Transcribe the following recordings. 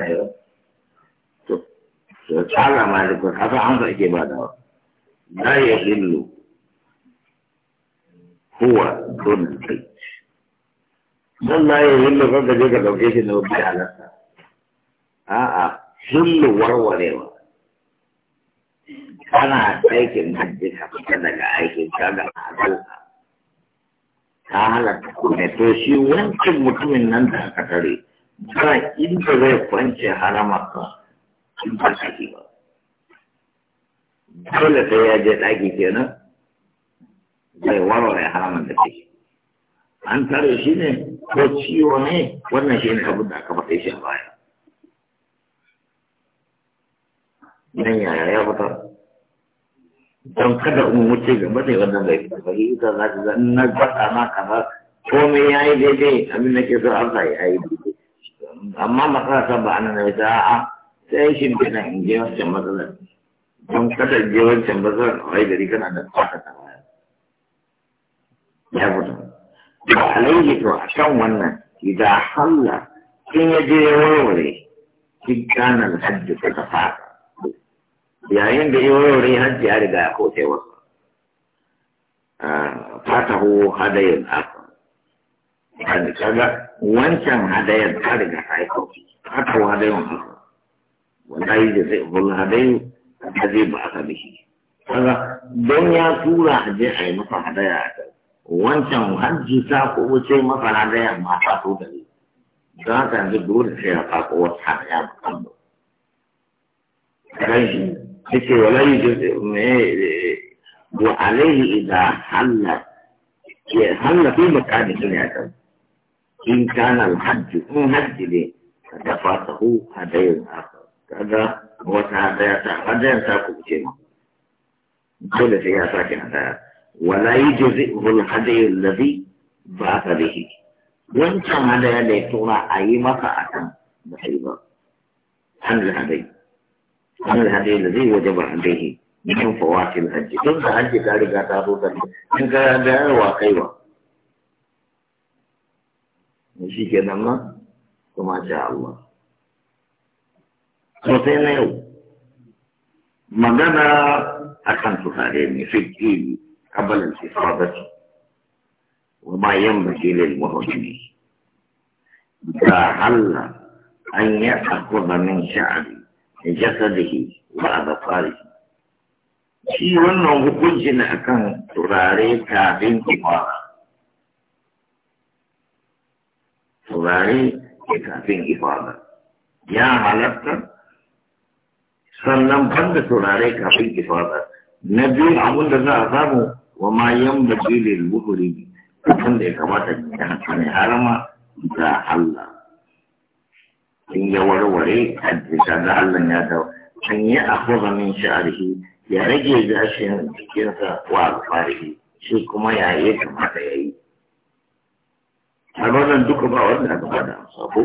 Ayo. To, to tsara malikun, haka an ake ba da La ya hillu, huwa don kai. Don la ya hillu kan gaje ka ɗauke shi na ala halarta. A'a, hillu warwarewa. Kana aikin hajji ka fita daga aikin ka ga halarta. Ka halarta kuma to shi wancan mutumin nan da aka tare. ba inda zai kwance haramarsa in ba shi ba dole sai ya je ɗaki kenan zai warware haramun da take an tare shi ne ko ciwo ne wannan shi ne abin da aka faɗe shi a baya nan yaya ya fita don kada in wuce gaba ne wannan bai fita ba ita za ta zan na faɗa ma kaza komai ya yi daidai abin da ke so an sa ya yi daidai amma makarata ba ana da da'a sai shi kina in je wancan matsalar don kada je wancan matsalar a wai gari kana da tsaka ta baya ya fito ba alaihi to a kan wannan idan halla sun ya je ya warware kin kana hajji ta kafa yayin da ya warware hajji ya riga ya kotewa ah, fatahu hadayin aka wanda kaga wancan hadayar ta riga ta yi haka hadayin haka wanda yi da zai bulla hadayin ta zai ba aka mishi kaga ya tura haje a yi masa hadaya a kai wancan hajji ta ko wuce masa hadaya ma ta to da ne don haka yanzu dole sai ya kako wata hadaya ba kan ba kai take walayi da me wa alaihi idan halla ke halla fi makadin a kai in kana alhajju in hajji ne Ka da fatahu hadayin akhar kaga wata hadaya ta hadayar ta ku ce ma dole sai ya sake hadaya wala yujzi'u alhadayu alladhi ba'atha bihi wancan hadaya da ya tura a yi masa akan da shi ba an alhadayi an zai waje ba alayhi min fawatil hajji tun da hajji ta riga ta zo da in ka da wa kaiwa shi ke nan ma kuma ce Allah sai na yau magana a kan turare ne fi ke kabalin su, wa ma yan bakilin mahaukini. Ga Allah an yi akwada min sha'ari da jasadihi wa fari. shi wannan hukunci na akan turare kafin kuma turare ke kafin ifada ya halatta sannan banda turare kafin ifada na biyu abin da za a samu wa ma yan baji buhuri kusan da ya kamata ya ne harama da Allah in ya warware a jika da Allah ya dawo an yi a min sha'arhi ya rage gashin jikinsa wa alfarihi shi kuma ya yi kamata ya yi a wannan duka ba wanda aka bada amsa ko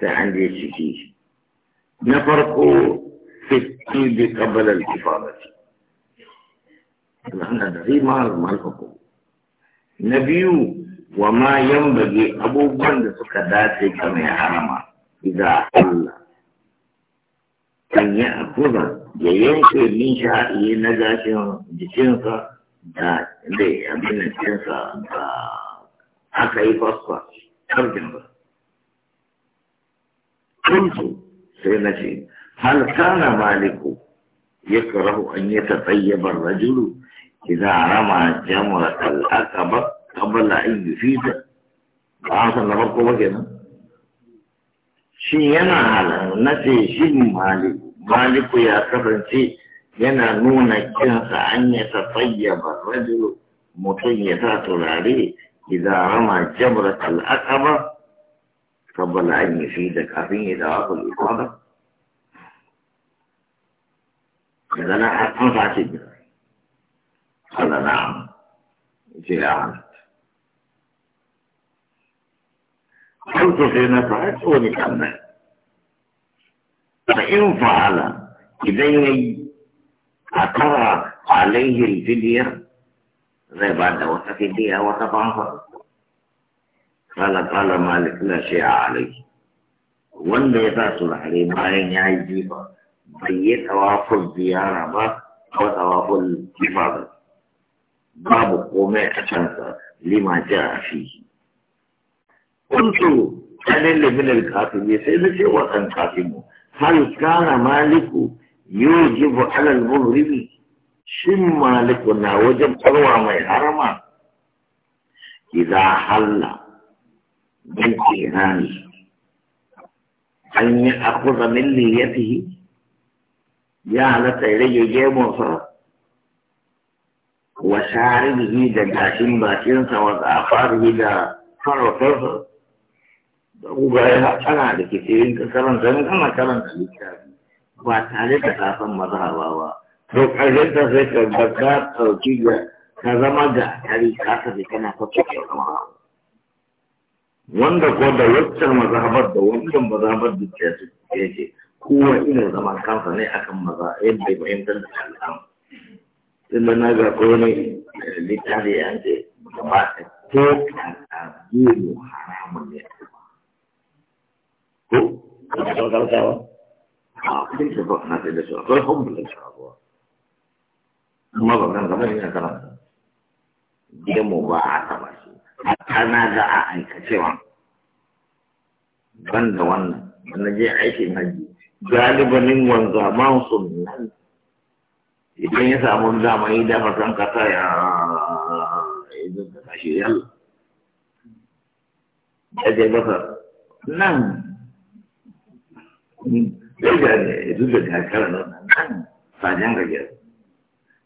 sai an je ciki na farko fitti bi qabl al kifadati ana da rima mal hukum na biyu wa ma yambage abubuwan da suka dace ga mai harama idan Allah kan yi akuza ya yanke min sha'i na gashin jikinsa da abin da jikinsa da haka yi fasa har ba kuntu sai na ce hal kana maliku karahu an ta tsayyabar rajulu ina rama jamrat al-aqaba qabla an yufida ba san na farko ke nan. shi yana halar na ce shi maliku maliku ya kasance yana nuna kinsa an ta tsayyabar rajulu mutum ya sa turare إذا رمى جبرة الأقبة رب العلم يفيدك أبي إذا أقل الإصابة قال لا أقطع شجرة قال نعم جاء عنك قلت في نفعت ونكمل فإن فعل إذا أترى عليه الفدية zai ba da wata fidiya wata fanfa kala kala malik la shi a alai wanda ya sa su lahari bayan ya yi jifa bai yi tawaful ziyara ba ko tawaful jifa babu komai a kansa lima ja a fi kuntu kanin limin kafin sai na ce wasan kafin mu hal kana maliku yujibu alal muhrimi shin maliku na wajen farwa mai harama idza halla bin kirani an yi akuza min liyatihi ya halatta ya rage gemunsa wa sharibihi da gashin bakinsa wa tsafarihi da farautarsa da ugaya tsana da kisirin karanta kana karanta littafi ba tare da kafin mazhaba ba to ƙarshen ta sai ka ga ka ɗauki ga ka zama ga tari ka tafi kana kwata ke kama wanda ko da wancan mazhabar da wancan mazhabar da ke su ke ce kowa ina zaman kansa ne akan maza yadda ya fahimtar da al'amu tunda na ga ko ne littafi an ce gaba da ko al'adu haramun ne ko ka ta kalkawa a kun ta ba na da shi akwai hambulin shagowa amma ba kan gaba ina karanta gemu ba a taba shi hatta na ga a aikacewa ban da wannan wanda je aikin haji galibanin wanzaman sun nan idan ya samu zamani dafa fasan kasa ya idan ka tashi yalla ya je masa nan duk da ne duk da ta kara nan nan sajen gajiyar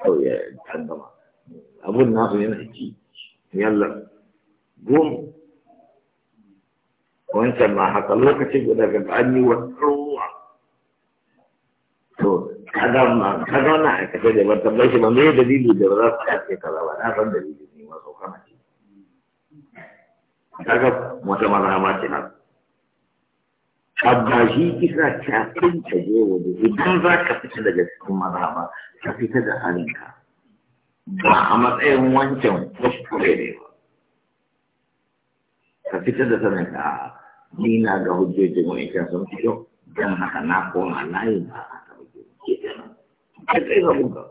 kawai ya tangama abun nasu yana ci yalla goma wancan ma haka lokacin guda ga an yi wa ruwa to kaga ma kaga na aikace da ban tambaye shi ba me dalili da ba za su kace kaza ba na san dalili ne ma so kana ci kaga wata mazama ce haka amma shi kisa kafin ka je waje idan za ka fita daga cikin mazhaba ka fita da halinka ba a matsayin wancan kuskure ne ba ka fita da sanin ka ni na ga hujjojin wancan sun fi kyau don haka na koma na yi ba a ka hujjojin ke kenan ka kai ga buga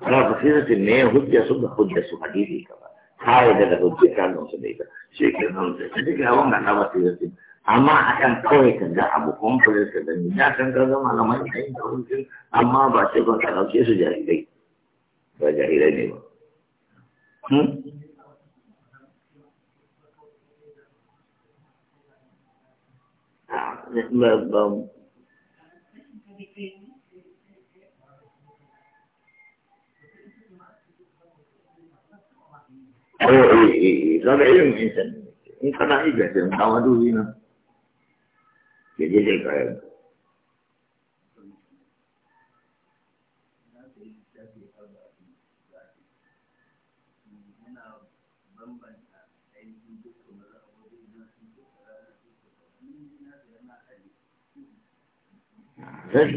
ana fasiratin ne hujja su ga hujja su hadisi ka ba ka yi da hujja ka gamsu da ita shi ke nan da ta dika wanga na fasiratin amma akan kawai ka ga abu kwamfulis ka gani na kan ka amma ba sai ba ka ɗauke su jarirai ba jarirai ne ba hmm? ah, Oh, eh, eh, eh, eh ya je kayan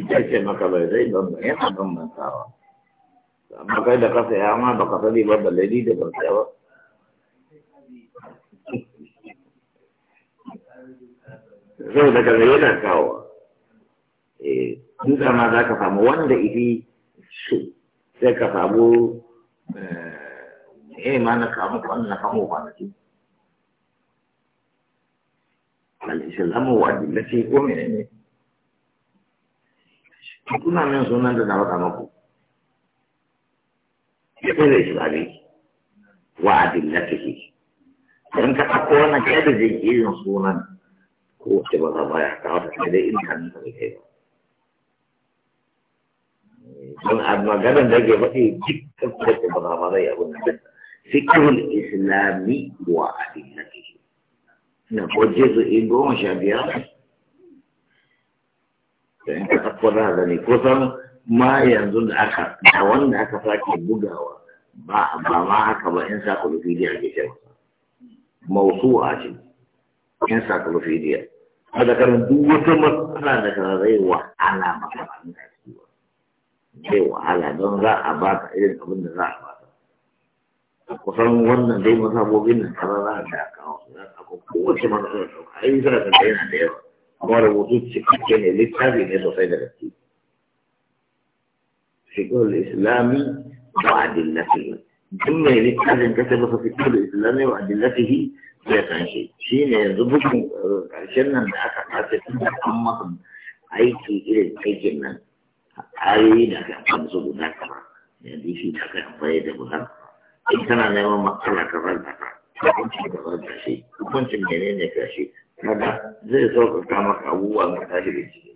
ce maka bai zai yana amma kai da kasa ya ma baka sani ba balle da ba zai daga zai yana kawowa eh duka ma za ka samu wanda ifi su sai ka samu eh, eh ma na kamu kwan na kamu kwanaki al-islamu wa adillati ko menene kuna min sunan da na faɗa muku yaƙi da islami wa adillatihi don ka ɗauko wannan kai da jinkirin sunan هو تبقى ضايع تعرف كده ايه اللي عندك في الحياه كان ابن جاب ده جاب ايه جيب كده تبقى ضايع ابو النبي فكر الاسلام واحد نتيجه نعم وجزء ايه مش عم يعرف يعني انت تقول هذا نيكوزر ما ينزل اخر تعاون معك فاكر بوجاوا ما ما معك ما ينسى كل فيديو عندي موسوعه كان ساكلوفيديا a da karin duk wata matsala da ka zai wahala maka da ciwo zai wahala don za a ba ta irin abin da za a ba ta kusan wannan dai masabobin nan kaza za a da kawo za a ko kowace matsala da ka yi zara ta yana da yawa Kuma rubutu cikakke ne littafi ne sosai da gaske shigowar islami ba a dillafi duk mai littafin kasa masa fitar da islami ba a dillafi zai shi shi ne yanzu bugun karshen eh, nan da aka kace tun da an masa aiki irin aikin nan ayoyi da aka amfani su guda kaza yanzu shi da aka amfani da guda in kana neman matsala kaza da ka hukuncin da zan tashi hukuncin mene ne ka shi kaga zai sauƙaƙa maka abubuwa ka tashi da ciki.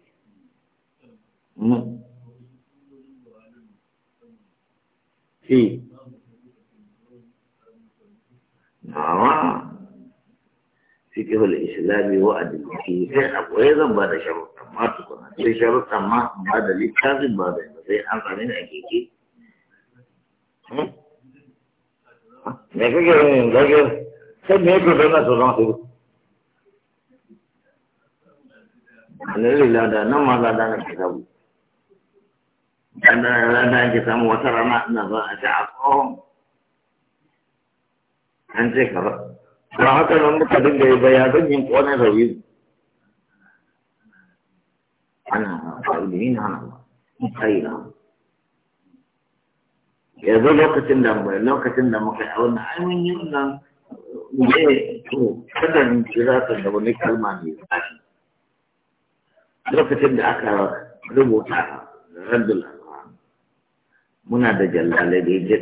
Sí. No. فقه الإسلام وأدلته فيه أبويضا بعد شرط ما تكون في شرط ما بعد لكتاب بعد زي أنت من أكيد ما فكر من ذكر سمي يقول لنا سلام سيد أنا لا أنا ما لا أنا نكتاب أنا لا دا نكتاب وترى ما نضاء تعصهم أنت كذا ba haka nan muka dinga yi ba ya zan yin kone rauyi ana na ana ba yanzu lokacin da mai lokacin da muka yi wannan ai mun yi wannan ne to kada mun kira ta da wani kalma ne tsari lokacin da aka rubuta radul muna da jallalai da ya je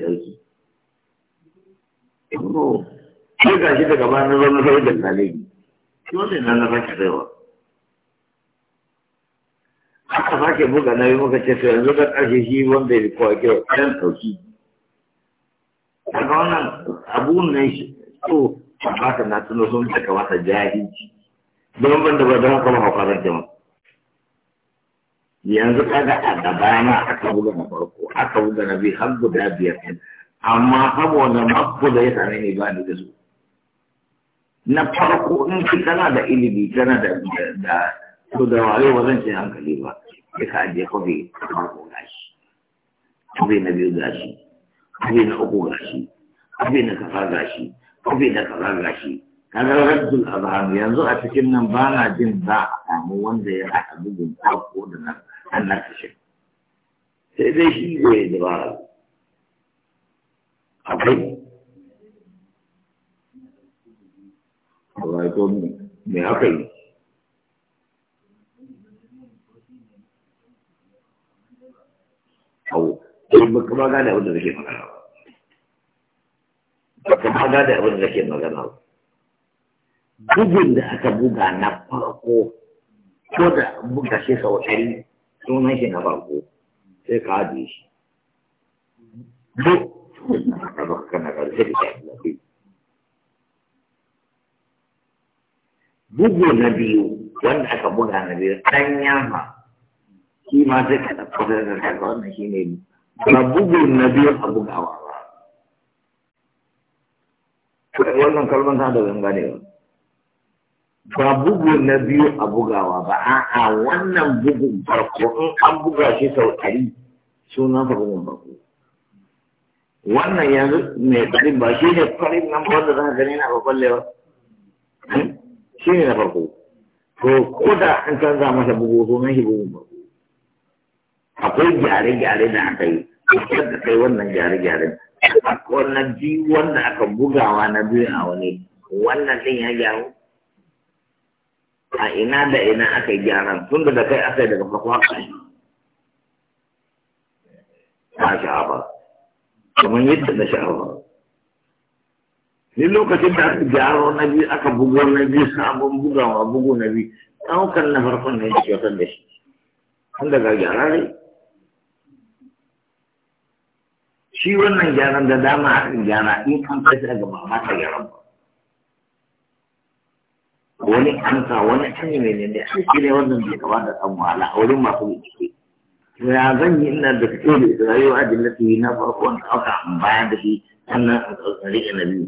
ɗauki sai ga shi daga na zama sai da zalimi dole na na sake saiwa aka sake buga na yi muka ce sai yanzu da ƙarshe shi wanda ya kowa kyau ɗan ɗauki daga wannan abun nan shi so ba ta na tuno sun ta kamata jahilci don ban da ba don kuma haukarar jama. yanzu kaga a gaba na aka buga na farko aka buga na biyu har guda biyar amma saboda mako da ya same ne ba ni da su na farko in ki kana da ilimi kana da da to da wayo ba zan ce hankali ba sai ka ajiye kofi farko gashi kofi na biyu gashi kofi na uku gashi kofi na kafa gashi kofi na kaza gashi kaga rabbul azhar yanzu a cikin nan ba na jin za a samu wanda ya haɗa bugun farko da nan an na kashe sai dai shi zai a akwai ko me aka yi hau ba ka gane da zake magana ba ba ka gane abin zake magana ba bugun da aka buga na farko ko da buga shi sau ɗari sunan shi na farko sai ka haɗe shi duk suna ka kana da shi bugu na biyu wanda aka buga na biyu ɗan yamma shi ma sai ka ɗauko da ka ɗauka wannan shi ne ba bugu na biyu a bugawa ba wannan kalmar ta da gangane ba ba bugu na biyu a bugawa ba a'a wannan bugun farko in an buga shi sau ɗari sunan sa bugun farko wannan yanzu mai ɗarin ba shi ne farin nan wanda za ka gani na ba ba shi ne na farko to ko da an canza masa bugu sunan shi bugun farko akwai gyare-gyare da aka yi kusan da kai wannan gyare-gyaren wannan biyu wanda aka bugawa na biyu a wani wannan din ya gyaru a ina da ina aka yi gyaran tun da kai aka yi daga farko haka yi ba sha'afa kamar yadda na sha'afa ni lokacin da aka gyaro na biyu aka bugo na biyu sabon bugawa bugu na biyu ɗaukar na farkon ne kyautar da shi an daga gyara ne shi wannan gyaran da dama a kan gyara in an kai daga mama ta gyaran ba wani amsa wani an yi ne ne aiki ne wannan bai kaba da samu wahala a wurin masu bincike ya zan yi ina da fito da rayuwa da na na farkon da aka bayan da shi sannan in rike na biyu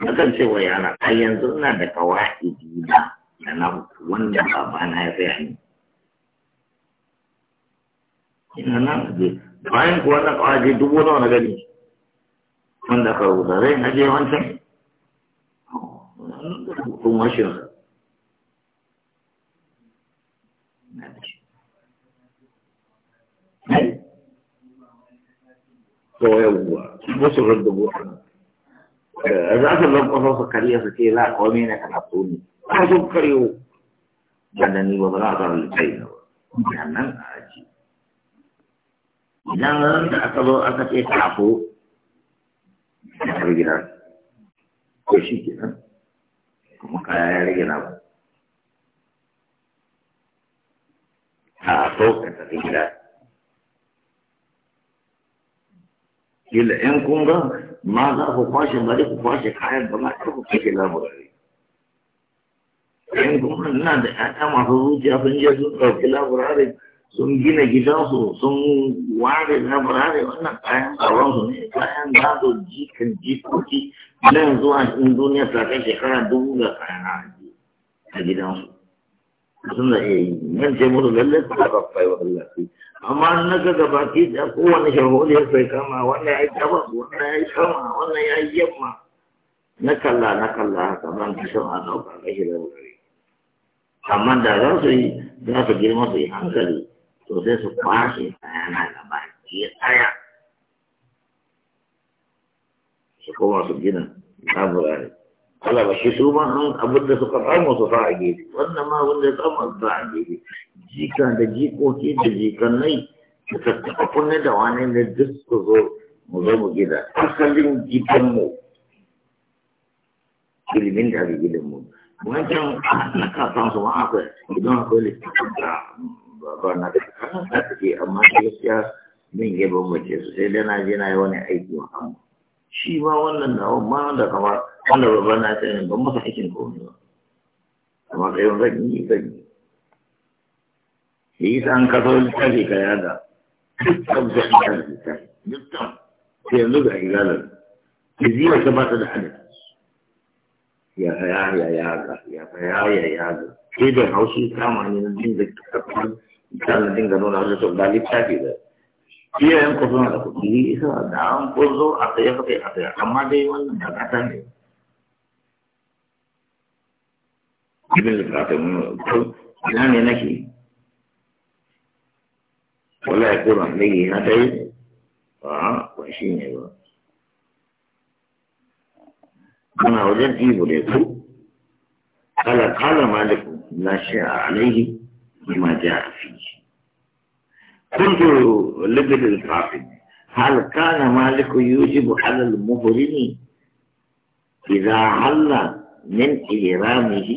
Nakan ce wa yanzu na da kawa'idi na da na wanda baba na ya tsaya ni. Ina nan je, bayan kuwa na kawa'idi dubu nawa na gani. Wanda ka rubuta na je wancan. Eh, za su lankwasa su karya su ce za a kawo mena karatu ne su sun karyo ba da ni ba ba za a zara littafi na ba ya a aji idan ran da aka zo aka ce kafo a kargina ko shi ke nan kuma kaya ya rage na ba a so ka tafi gida kila in kunga ma za ku kwashe bari ku kwashe kayan ba ma kar ku kashe labarai. in kunga na da yaya masu zuciya sun je sun ɗauki labarai sun gina gidansu sun ware laburare wannan kayan su ne kayan gado jikin jikoki nan zuwa in duniya ta kai shekara dubu da kayan a gidansu suna yi nan ce musu lalle su wa Allah amma na ga gabaki da kowane shahodiyar sai kama wannan ya yi gabas wannan ya yi wannan ya yi yamma na kalla na kalla haka ban fi son a da wuri amma da za su yi za su girma su yi hankali to sai su kwashe kayana gaba ki tsaya su koma su gina laburare Allah ba shi su ma an abin da suka samu su sa a gefe wannan ma da ya samu su sa a gefe jika da jikoki da jikannai da tattaka kunne da wani ne duk su zo mu zo mu gida asalin jikinmu ilimin da ake gidanmu wancan na kasan su ma akwai idan akwai littafin da ba na da kasan ta take amma gaskiya min ya bambance su sai dai na je na yi wani aiki wa kanmu shi ma wannan nawa ma da kamar wanda babana na ce ban masa aikin komai ba amma kai ba zan yi zan yi shi yi san ka sau littafi ka yada dukkan zan yi kan littafi dukkan sai yanzu ga igalar ki ziwa ta da hadin ya ya ya ya ya ya ya ya ga sai da haushi kama ne na dinga kafin na dinga nuna wani sau da littafi da iyayen ku na da kuɗi isa da an ko zo a tsaye kai a tsaye amma dai wannan da kata ne ibn al-qasim ko ina ne nake wala ya kuma ne na dai a ba shi ne ba kana wajen ibu da su kala kala maliku la shi'a alaihi bima ja'a fihi كنت لبن القاسم هل كان مالك يوجب على المهرم إذا حل من إرامه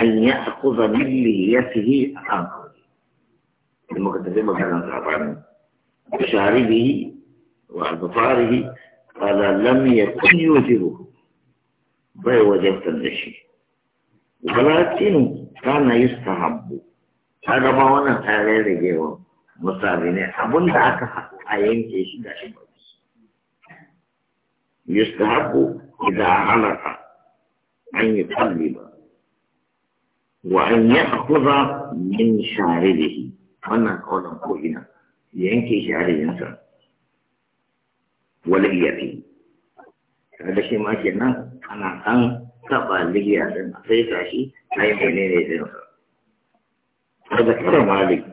an yi a kuza milli ya sihi a kan da muka tafi maganar sabanin da yi, wa albafarihi ala lam ya kun yuziru bai wajabtar da shi walakin kana yustahabbu ta gaba wannan tare da gewa misali ne abin da aka a yanke shi da shi ba yustahabbu idan halaka an yi kalli ba Wa an wa’an ya kuza min shi wannan kawalan ko’ina yanke sharirinsa wani iyafi tare da shi ma ke nan ana an taɓa ligiya ɗin na sai ta shi ta yi mai nene yau? har da kara mali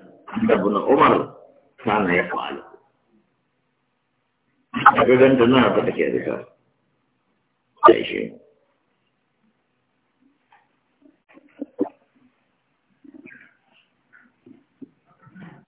da buna umar ta na ya kwalo a ga ganta na abu da ke da ta ishe